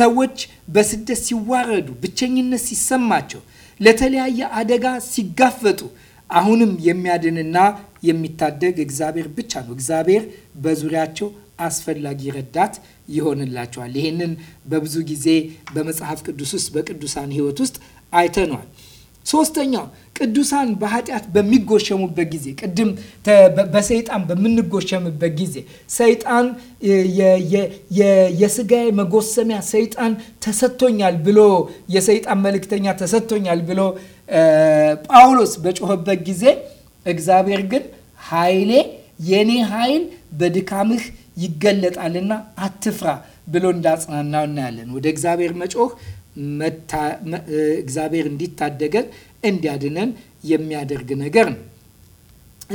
ሰዎች በስደት ሲዋረዱ፣ ብቸኝነት ሲሰማቸው፣ ለተለያየ አደጋ ሲጋፈጡ አሁንም የሚያድንና የሚታደግ እግዚአብሔር ብቻ ነው። እግዚአብሔር በዙሪያቸው አስፈላጊ ረዳት ይሆንላቸዋል። ይህንን በብዙ ጊዜ በመጽሐፍ ቅዱስ ውስጥ በቅዱሳን ሕይወት ውስጥ አይተኗል። ሶስተኛው ቅዱሳን በኃጢአት በሚጎሸሙበት ጊዜ ቅድም በሰይጣን በምንጎሸምበት ጊዜ ሰይጣን የስጋዬ መጎሰሚያ ሰይጣን ተሰጥቶኛል ብሎ የሰይጣን መልእክተኛ ተሰጥቶኛል ብሎ ጳውሎስ በጮኸበት ጊዜ እግዚአብሔር ግን ኃይሌ የኔ ኃይል በድካምህ ይገለጣልና አትፍራ ብሎ እንዳጽናናው እናያለን። ወደ እግዚአብሔር መጮህ እግዚአብሔር እንዲታደገን እንዲያድነን የሚያደርግ ነገር ነው።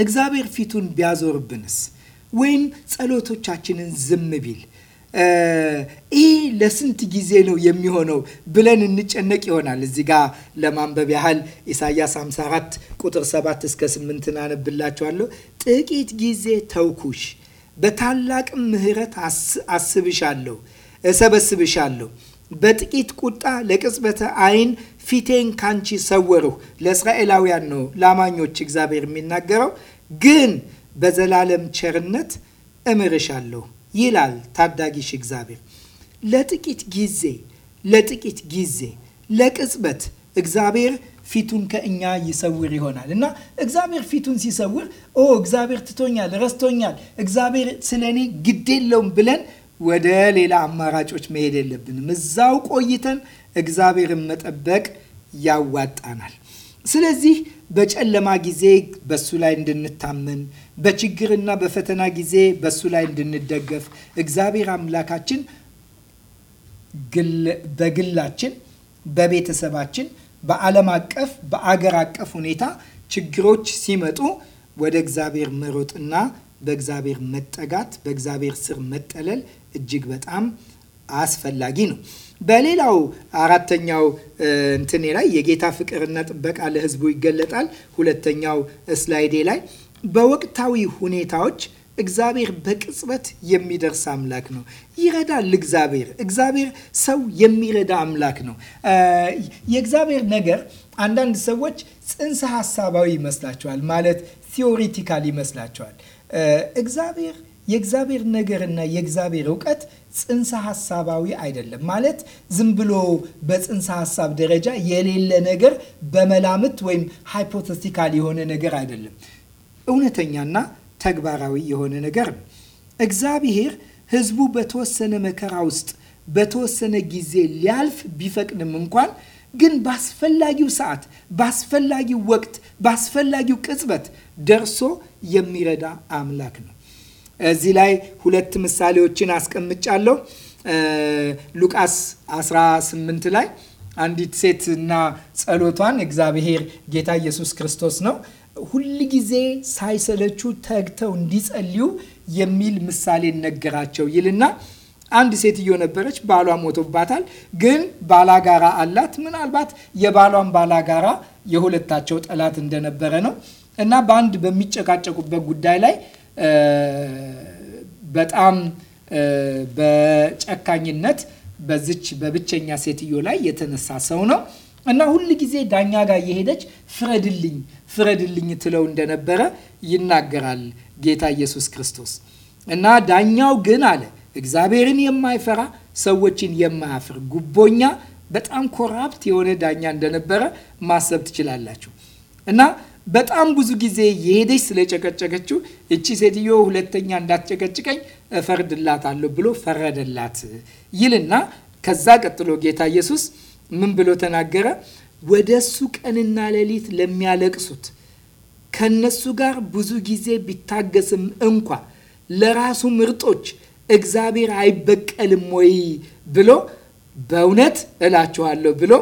እግዚአብሔር ፊቱን ቢያዞርብንስ ወይም ጸሎቶቻችንን ዝም ቢል ይህ ለስንት ጊዜ ነው የሚሆነው ብለን እንጨነቅ ይሆናል። እዚህ ጋ ለማንበብ ያህል ኢሳያስ 54 ቁጥር 7 እስከ 8 እናነብላችኋለሁ። ጥቂት ጊዜ ተውኩሽ፣ በታላቅም ምሕረት አስብሻለሁ፣ እሰበስብሻለሁ በጥቂት ቁጣ ለቅጽበተ አይን ፊቴን ካንቺ ሰወርሁ። ለእስራኤላውያን ነው ለአማኞች እግዚአብሔር የሚናገረው። ግን በዘላለም ቸርነት እምርሻለሁ ይላል ታዳጊሽ እግዚአብሔር። ለጥቂት ጊዜ ለጥቂት ጊዜ ለቅጽበት እግዚአብሔር ፊቱን ከእኛ ይሰውር ይሆናል እና እግዚአብሔር ፊቱን ሲሰውር ኦ እግዚአብሔር ትቶኛል፣ ረስቶኛል፣ እግዚአብሔር ስለ እኔ ግድ የለውም ብለን ወደ ሌላ አማራጮች መሄድ የለብንም። እዛው ቆይተን እግዚአብሔርን መጠበቅ ያዋጣናል። ስለዚህ በጨለማ ጊዜ በሱ ላይ እንድንታመን፣ በችግርና በፈተና ጊዜ በሱ ላይ እንድንደገፍ እግዚአብሔር አምላካችን በግላችን፣ በቤተሰባችን፣ በዓለም አቀፍ፣ በአገር አቀፍ ሁኔታ ችግሮች ሲመጡ ወደ እግዚአብሔር መሮጥና በእግዚአብሔር መጠጋት፣ በእግዚአብሔር ስር መጠለል እጅግ በጣም አስፈላጊ ነው። በሌላው አራተኛው እንትኔ ላይ የጌታ ፍቅርና ጥበቃ ለሕዝቡ ይገለጣል። ሁለተኛው ስላይዴ ላይ በወቅታዊ ሁኔታዎች እግዚአብሔር በቅጽበት የሚደርስ አምላክ ነው። ይረዳል። እግዚአብሔር እግዚአብሔር ሰው የሚረዳ አምላክ ነው። የእግዚአብሔር ነገር አንዳንድ ሰዎች ጽንሰ ሀሳባዊ ይመስላቸዋል፣ ማለት ቲዎሪቲካል ይመስላቸዋል። እግዚአብሔር የእግዚአብሔር ነገርና የእግዚአብሔር እውቀት ጽንሰ ሀሳባዊ አይደለም። ማለት ዝም ብሎ በጽንሰ ሀሳብ ደረጃ የሌለ ነገር በመላምት ወይም ሃይፖቴቲካል የሆነ ነገር አይደለም። እውነተኛና ተግባራዊ የሆነ ነገር ነው። እግዚአብሔር ህዝቡ በተወሰነ መከራ ውስጥ በተወሰነ ጊዜ ሊያልፍ ቢፈቅድም እንኳን ግን በአስፈላጊው ሰዓት፣ በአስፈላጊው ወቅት፣ በአስፈላጊው ቅጽበት ደርሶ የሚረዳ አምላክ ነው። እዚህ ላይ ሁለት ምሳሌዎችን አስቀምጫለሁ። ሉቃስ 18 ላይ አንዲት ሴት እና ጸሎቷን እግዚአብሔር ጌታ ኢየሱስ ክርስቶስ ነው ሁል ጊዜ ሳይሰለቹ ተግተው እንዲጸልዩ የሚል ምሳሌ ነገራቸው ይልና አንድ ሴትዮ ነበረች፣ ባሏ ሞቶባታል። ግን ባላጋራ አላት። ምናልባት የባሏን ባላጋራ የሁለታቸው ጠላት እንደነበረ ነው እና በአንድ በሚጨቃጨቁበት ጉዳይ ላይ በጣም በጨካኝነት በዚች በብቸኛ ሴትዮ ላይ የተነሳ ሰው ነው እና ሁል ጊዜ ዳኛ ጋር እየሄደች ፍረድልኝ ፍረድልኝ ትለው እንደነበረ ይናገራል ጌታ ኢየሱስ ክርስቶስ። እና ዳኛው ግን አለ እግዚአብሔርን የማይፈራ ሰዎችን የማያፍር ጉቦኛ፣ በጣም ኮራፕት የሆነ ዳኛ እንደነበረ ማሰብ ትችላላችሁ። እና በጣም ብዙ ጊዜ የሄደች ስለጨቀጨቀችው እቺ ሴትዮ ሁለተኛ እንዳትጨቀጭቀኝ እፈርድላታለሁ ብሎ ፈረደላት ይልና ከዛ ቀጥሎ ጌታ ኢየሱስ ምን ብሎ ተናገረ? ወደ እሱ ቀንና ሌሊት ለሚያለቅሱት ከነሱ ጋር ብዙ ጊዜ ቢታገስም እንኳ ለራሱ ምርጦች እግዚአብሔር አይበቀልም ወይ ብሎ በእውነት እላችኋለሁ ብሎ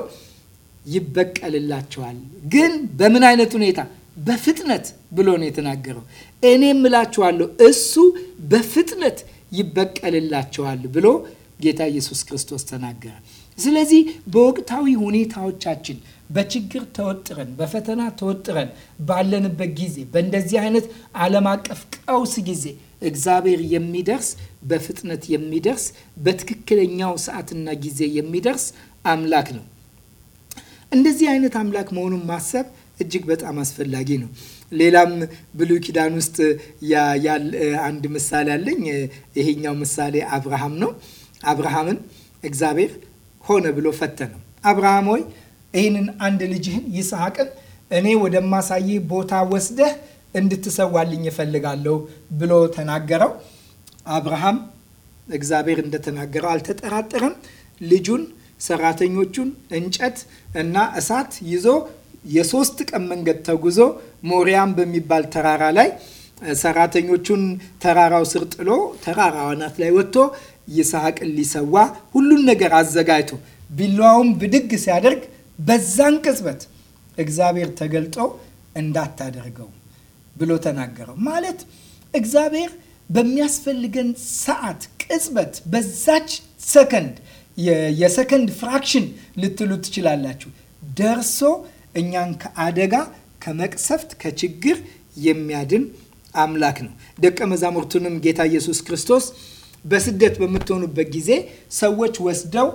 ይበቀልላችኋል። ግን በምን አይነት ሁኔታ? በፍጥነት ብሎ ነው የተናገረው። እኔም እላችኋለሁ እሱ በፍጥነት ይበቀልላችኋል ብሎ ጌታ ኢየሱስ ክርስቶስ ተናገረ። ስለዚህ በወቅታዊ ሁኔታዎቻችን በችግር ተወጥረን በፈተና ተወጥረን ባለንበት ጊዜ በእንደዚህ አይነት ዓለም አቀፍ ቀውስ ጊዜ እግዚአብሔር የሚደርስ በፍጥነት የሚደርስ በትክክለኛው ሰዓትና ጊዜ የሚደርስ አምላክ ነው። እንደዚህ አይነት አምላክ መሆኑን ማሰብ እጅግ በጣም አስፈላጊ ነው። ሌላም ብሉይ ኪዳን ውስጥ አንድ ምሳሌ አለኝ። ይሄኛው ምሳሌ አብርሃም ነው። አብርሃምን እግዚአብሔር ሆነ ብሎ ፈተነው። አብርሃም ሆይ ይህንን አንድ ልጅህን ይስሐቅን እኔ ወደማሳይህ ቦታ ወስደህ እንድትሰዋልኝ እፈልጋለሁ ብሎ ተናገረው። አብርሃም እግዚአብሔር እንደተናገረው አልተጠራጠረም። ልጁን፣ ሰራተኞቹን፣ እንጨት እና እሳት ይዞ የሶስት ቀን መንገድ ተጉዞ ሞሪያም በሚባል ተራራ ላይ ሰራተኞቹን ተራራው ስር ጥሎ ተራራ አናት ላይ ወጥቶ ይስሐቅን ሊሰዋ ሁሉን ነገር አዘጋጅቶ ቢላዋውን ብድግ ሲያደርግ በዛን ቅጽበት እግዚአብሔር ተገልጦ እንዳታደርገው ብሎ ተናገረው። ማለት እግዚአብሔር በሚያስፈልገን ሰዓት ቅጽበት፣ በዛች ሰከንድ የሰከንድ ፍራክሽን ልትሉ ትችላላችሁ ደርሶ እኛን ከአደጋ ከመቅሰፍት፣ ከችግር የሚያድን አምላክ ነው። ደቀ መዛሙርቱንም ጌታ ኢየሱስ ክርስቶስ በስደት በምትሆኑበት ጊዜ ሰዎች ወስደው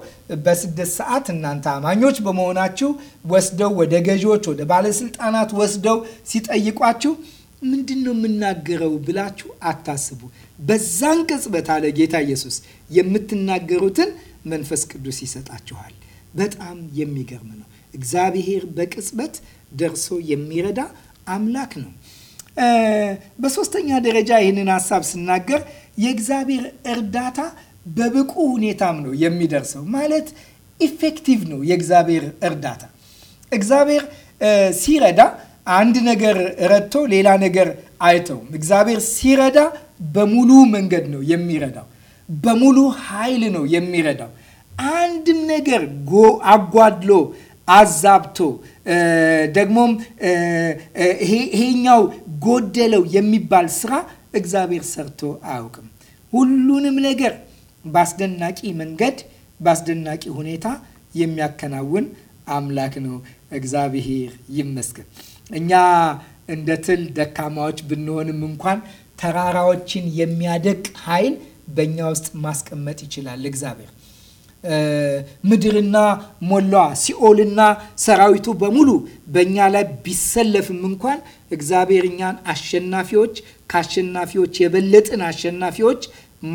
በስደት ሰዓት እናንተ አማኞች በመሆናችሁ ወስደው ወደ ገዢዎች፣ ወደ ባለስልጣናት ወስደው ሲጠይቋችሁ ምንድን ነው የምናገረው ብላችሁ አታስቡ። በዛን ቅጽበት አለ ጌታ ኢየሱስ የምትናገሩትን መንፈስ ቅዱስ ይሰጣችኋል። በጣም የሚገርም ነው። እግዚአብሔር በቅጽበት ደርሶ የሚረዳ አምላክ ነው። በሶስተኛ ደረጃ ይህንን ሀሳብ ስናገር የእግዚአብሔር እርዳታ በብቁ ሁኔታም ነው የሚደርሰው። ማለት ኢፌክቲቭ ነው የእግዚአብሔር እርዳታ። እግዚአብሔር ሲረዳ አንድ ነገር ረድቶ ሌላ ነገር አይተውም። እግዚአብሔር ሲረዳ በሙሉ መንገድ ነው የሚረዳው፣ በሙሉ ኃይል ነው የሚረዳው። አንድም ነገር አጓድሎ አዛብቶ ደግሞም ይሄኛው ጎደለው የሚባል ስራ እግዚአብሔር ሰርቶ አያውቅም። ሁሉንም ነገር በአስደናቂ መንገድ በአስደናቂ ሁኔታ የሚያከናውን አምላክ ነው። እግዚአብሔር ይመስገን። እኛ እንደ ትል ደካማዎች ብንሆንም እንኳን ተራራዎችን የሚያደቅ ኃይል በእኛ ውስጥ ማስቀመጥ ይችላል እግዚአብሔር። ምድርና ሞላዋ ሲኦልና ሰራዊቱ በሙሉ በእኛ ላይ ቢሰለፍም እንኳን እግዚአብሔር እኛን አሸናፊዎች ከአሸናፊዎች የበለጥን አሸናፊዎች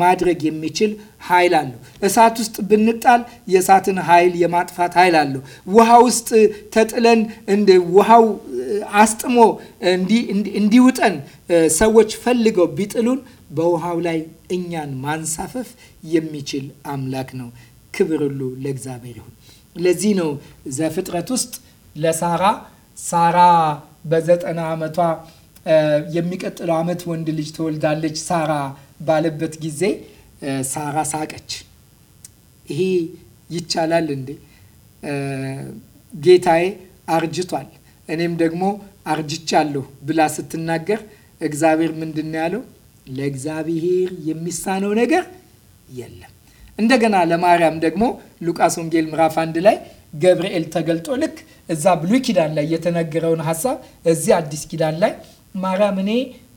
ማድረግ የሚችል ኃይል አለው። እሳት ውስጥ ብንጣል የእሳትን ኃይል የማጥፋት ኃይል አለው። ውሃ ውስጥ ተጥለን ውሃው አስጥሞ እንዲውጠን ሰዎች ፈልገው ቢጥሉን በውሃው ላይ እኛን ማንሳፈፍ የሚችል አምላክ ነው። ክብር ሁሉ ለእግዚአብሔር ይሁን። ለዚህ ነው ዘፍጥረት ውስጥ ለሳራ ሳራ በዘጠና ዓመቷ የሚቀጥለው ዓመት ወንድ ልጅ ትወልዳለች። ሳራ ባለበት ጊዜ ሳራ ሳቀች። ይሄ ይቻላል እንዴ? ጌታዬ አርጅቷል፣ እኔም ደግሞ አርጅቻለሁ ብላ ስትናገር እግዚአብሔር ምንድን ነው ያለው? ለእግዚአብሔር የሚሳነው ነገር የለም። እንደገና ለማርያም ደግሞ ሉቃስ ወንጌል ምዕራፍ አንድ ላይ ገብርኤል ተገልጦ ልክ እዛ ብሉይ ኪዳን ላይ የተነገረውን ሀሳብ እዚህ አዲስ ኪዳን ላይ ማርያም እኔ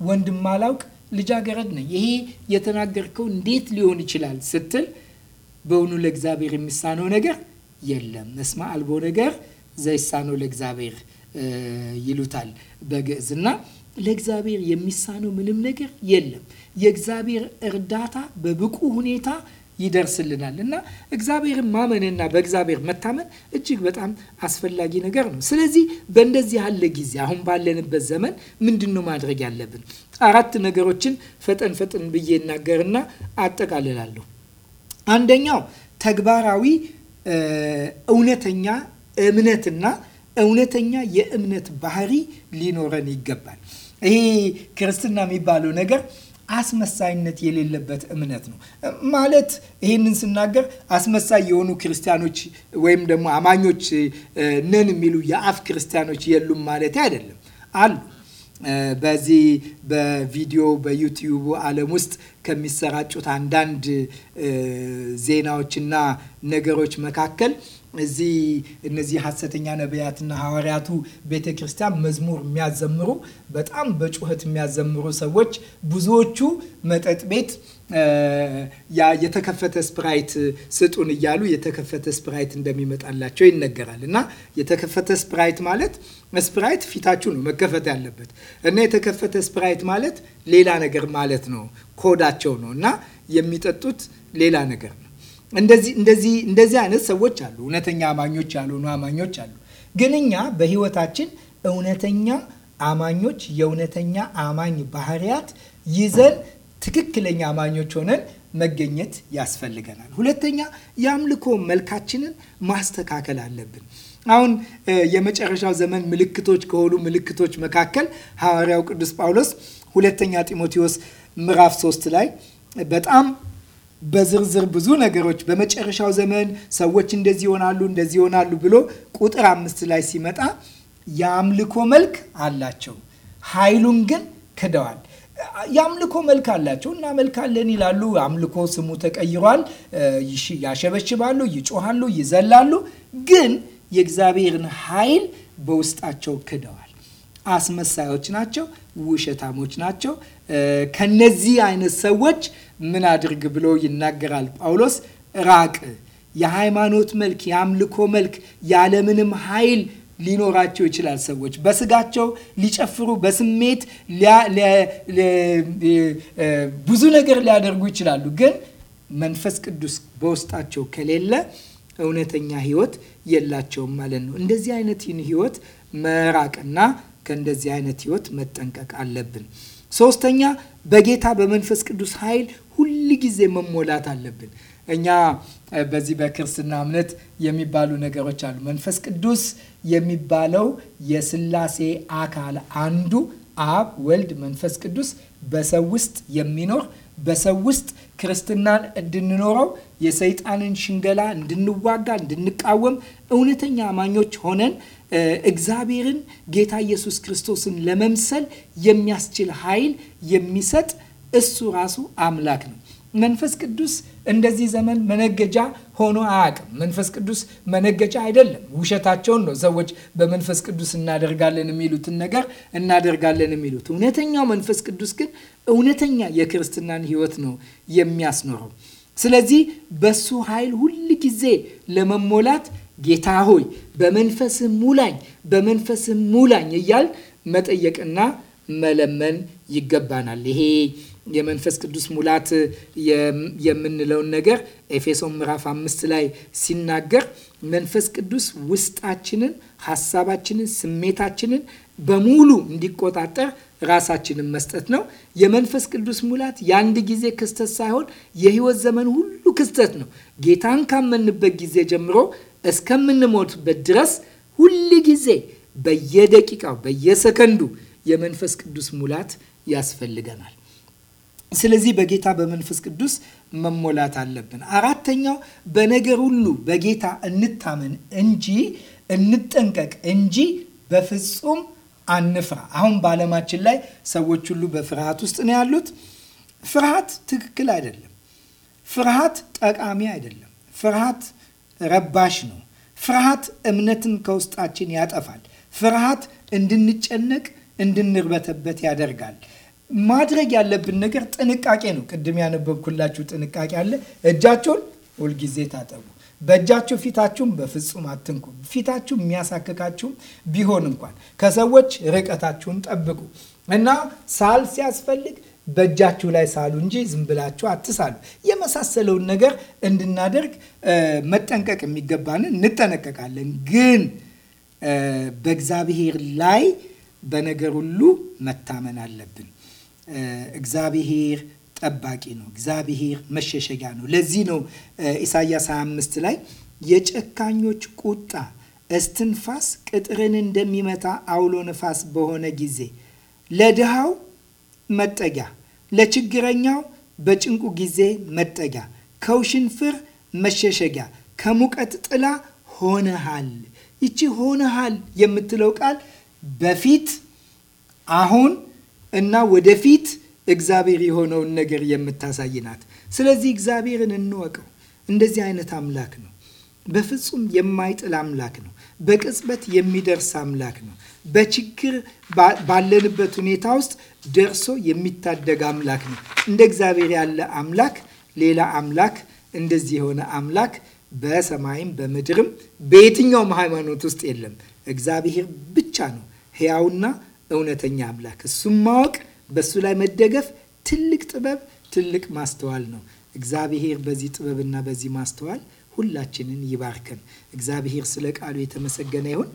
ወንድም አላውቅ ልጃገረድ ነኝ፣ ይሄ የተናገርከው እንዴት ሊሆን ይችላል ስትል በእውኑ ለእግዚአብሔር የሚሳነው ነገር የለም። እስማ አልቦ ነገር ዘይሳነው ለእግዚአብሔር ይሉታል በግዕዝ እና ለእግዚአብሔር የሚሳነው ምንም ነገር የለም። የእግዚአብሔር እርዳታ በብቁ ሁኔታ ይደርስልናል እና እግዚአብሔርን ማመንና በእግዚአብሔር መታመን እጅግ በጣም አስፈላጊ ነገር ነው። ስለዚህ በእንደዚህ ያለ ጊዜ አሁን ባለንበት ዘመን ምንድን ነው ማድረግ ያለብን? አራት ነገሮችን ፈጠን ፈጠን ብዬ እናገርና አጠቃልላለሁ። አንደኛው ተግባራዊ እውነተኛ እምነትና እውነተኛ የእምነት ባህሪ ሊኖረን ይገባል። ይሄ ክርስትና የሚባለው ነገር አስመሳይነት የሌለበት እምነት ነው። ማለት ይህንን ስናገር አስመሳይ የሆኑ ክርስቲያኖች ወይም ደግሞ አማኞች ነን የሚሉ የአፍ ክርስቲያኖች የሉም ማለት አይደለም። አሉ። በዚህ በቪዲዮ በዩቲዩብ ዓለም ውስጥ ከሚሰራጩት አንዳንድ ዜናዎችና ነገሮች መካከል እዚህ እነዚህ ሐሰተኛ ነቢያትና ሐዋርያቱ ቤተ ክርስቲያን መዝሙር የሚያዘምሩ በጣም በጩኸት የሚያዘምሩ ሰዎች ብዙዎቹ መጠጥ ቤት የተከፈተ ስፕራይት ስጡን እያሉ የተከፈተ ስፕራይት እንደሚመጣላቸው ይነገራል። እና የተከፈተ ስፕራይት ማለት ስፕራይት ፊታችሁ ነው መከፈት ያለበት እና የተከፈተ ስፕራይት ማለት ሌላ ነገር ማለት ነው። ኮዳቸው ነው እና የሚጠጡት ሌላ ነገር ነው። እንደዚህ እንደዚህ እንደዚህ አይነት ሰዎች አሉ። እውነተኛ አማኞች ያልሆኑ አማኞች አሉ። ግን እኛ በህይወታችን እውነተኛ አማኞች የእውነተኛ አማኝ ባህሪያት ይዘን ትክክለኛ አማኞች ሆነን መገኘት ያስፈልገናል። ሁለተኛ የአምልኮ መልካችንን ማስተካከል አለብን። አሁን የመጨረሻው ዘመን ምልክቶች ከሆኑ ምልክቶች መካከል ሐዋርያው ቅዱስ ጳውሎስ ሁለተኛ ጢሞቴዎስ ምዕራፍ 3 ላይ በጣም በዝርዝር ብዙ ነገሮች በመጨረሻው ዘመን ሰዎች እንደዚህ ይሆናሉ፣ እንደዚህ ይሆናሉ ብሎ ቁጥር አምስት ላይ ሲመጣ የአምልኮ መልክ አላቸው፣ ኃይሉን ግን ክደዋል። የአምልኮ መልክ አላቸው። እናመልካለን ይላሉ። አምልኮ ስሙ ተቀይሯል። ያሸበሽባሉ፣ ይጮሃሉ፣ ይዘላሉ። ግን የእግዚአብሔርን ኃይል በውስጣቸው ክደዋል። አስመሳዮች ናቸው፣ ውሸታሞች ናቸው። ከነዚህ አይነት ሰዎች ምን አድርግ ብሎ ይናገራል ጳውሎስ ራቅ። የሃይማኖት መልክ፣ የአምልኮ መልክ ያለምንም ኃይል ሊኖራቸው ይችላል። ሰዎች በስጋቸው ሊጨፍሩ፣ በስሜት ብዙ ነገር ሊያደርጉ ይችላሉ። ግን መንፈስ ቅዱስ በውስጣቸው ከሌለ እውነተኛ ህይወት የላቸውም ማለት ነው። እንደዚህ አይነት ህይወት መራቅና ከእንደዚህ አይነት ህይወት መጠንቀቅ አለብን። ሶስተኛ በጌታ በመንፈስ ቅዱስ ኃይል ሁል ጊዜ መሞላት አለብን። እኛ በዚህ በክርስትና እምነት የሚባሉ ነገሮች አሉ። መንፈስ ቅዱስ የሚባለው የስላሴ አካል አንዱ አብ፣ ወልድ፣ መንፈስ ቅዱስ በሰው ውስጥ የሚኖር በሰው ውስጥ ክርስትናን እንድንኖረው የሰይጣንን ሽንገላ እንድንዋጋ፣ እንድንቃወም እውነተኛ አማኞች ሆነን እግዚአብሔርን ጌታ ኢየሱስ ክርስቶስን ለመምሰል የሚያስችል ኃይል የሚሰጥ እሱ ራሱ አምላክ ነው። መንፈስ ቅዱስ እንደዚህ ዘመን መነገጃ ሆኖ አያውቅም። መንፈስ ቅዱስ መነገጃ አይደለም። ውሸታቸውን ነው ሰዎች በመንፈስ ቅዱስ እናደርጋለን የሚሉትን ነገር እናደርጋለን የሚሉት። እውነተኛው መንፈስ ቅዱስ ግን እውነተኛ የክርስትናን ሕይወት ነው የሚያስኖረው። ስለዚህ በሱ ኃይል ሁል ጊዜ ለመሞላት ጌታ ሆይ በመንፈስ ሙላኝ፣ በመንፈስ ሙላኝ እያል መጠየቅና መለመን ይገባናል። ይሄ የመንፈስ ቅዱስ ሙላት የምንለውን ነገር ኤፌሶን ምዕራፍ አምስት ላይ ሲናገር መንፈስ ቅዱስ ውስጣችንን፣ ሀሳባችንን፣ ስሜታችንን በሙሉ እንዲቆጣጠር ራሳችንን መስጠት ነው። የመንፈስ ቅዱስ ሙላት የአንድ ጊዜ ክስተት ሳይሆን የህይወት ዘመን ሁሉ ክስተት ነው። ጌታን ካመንበት ጊዜ ጀምሮ እስከምንሞትበት ድረስ ሁል ጊዜ በየደቂቃው በየሰከንዱ የመንፈስ ቅዱስ ሙላት ያስፈልገናል። ስለዚህ በጌታ በመንፈስ ቅዱስ መሞላት አለብን። አራተኛው በነገር ሁሉ በጌታ እንታመን እንጂ እንጠንቀቅ እንጂ በፍጹም አንፍራ። አሁን በዓለማችን ላይ ሰዎች ሁሉ በፍርሃት ውስጥ ነው ያሉት። ፍርሃት ትክክል አይደለም። ፍርሃት ጠቃሚ አይደለም። ፍርሃት ረባሽ ነው። ፍርሃት እምነትን ከውስጣችን ያጠፋል። ፍርሃት እንድንጨነቅ እንድንርበተበት ያደርጋል። ማድረግ ያለብን ነገር ጥንቃቄ ነው። ቅድም ያነበብኩላችሁ ጥንቃቄ አለ። እጃችሁን ሁልጊዜ ታጠቡ። በእጃችሁ ፊታችሁም በፍጹም አትንኩ። ፊታችሁ የሚያሳክካችሁም ቢሆን እንኳን ከሰዎች ርቀታችሁን ጠብቁ እና ሳል ሲያስፈልግ በእጃችሁ ላይ ሳሉ እንጂ ዝም ብላችሁ አትሳሉ። የመሳሰለውን ነገር እንድናደርግ መጠንቀቅ የሚገባንን እንጠነቀቃለን። ግን በእግዚአብሔር ላይ በነገር ሁሉ መታመን አለብን። እግዚአብሔር ጠባቂ ነው። እግዚአብሔር መሸሸጊያ ነው። ለዚህ ነው ኢሳያስ 25 ላይ የጨካኞች ቁጣ እስትንፋስ ቅጥርን እንደሚመታ አውሎ ነፋስ በሆነ ጊዜ ለድሃው መጠጊያ፣ ለችግረኛው በጭንቁ ጊዜ መጠጊያ፣ ከውሽንፍር መሸሸጊያ፣ ከሙቀት ጥላ ሆነሃል። ይቺ ሆነሃል የምትለው ቃል በፊት አሁን እና ወደፊት እግዚአብሔር የሆነውን ነገር የምታሳይ ናት። ስለዚህ እግዚአብሔርን እንወቀው። እንደዚህ አይነት አምላክ ነው። በፍጹም የማይጥል አምላክ ነው። በቅጽበት የሚደርስ አምላክ ነው። በችግር ባለንበት ሁኔታ ውስጥ ደርሶ የሚታደግ አምላክ ነው። እንደ እግዚአብሔር ያለ አምላክ ሌላ አምላክ እንደዚህ የሆነ አምላክ በሰማይም በምድርም በየትኛውም ሃይማኖት ውስጥ የለም። እግዚአብሔር ብቻ ነው ሕያውና እውነተኛ አምላክ። እሱም ማወቅ፣ በሱ ላይ መደገፍ ትልቅ ጥበብ፣ ትልቅ ማስተዋል ነው። እግዚአብሔር በዚህ ጥበብና በዚህ ማስተዋል ሁላችንን ይባርከን። እግዚአብሔር ስለ ቃሉ የተመሰገነ ይሁን።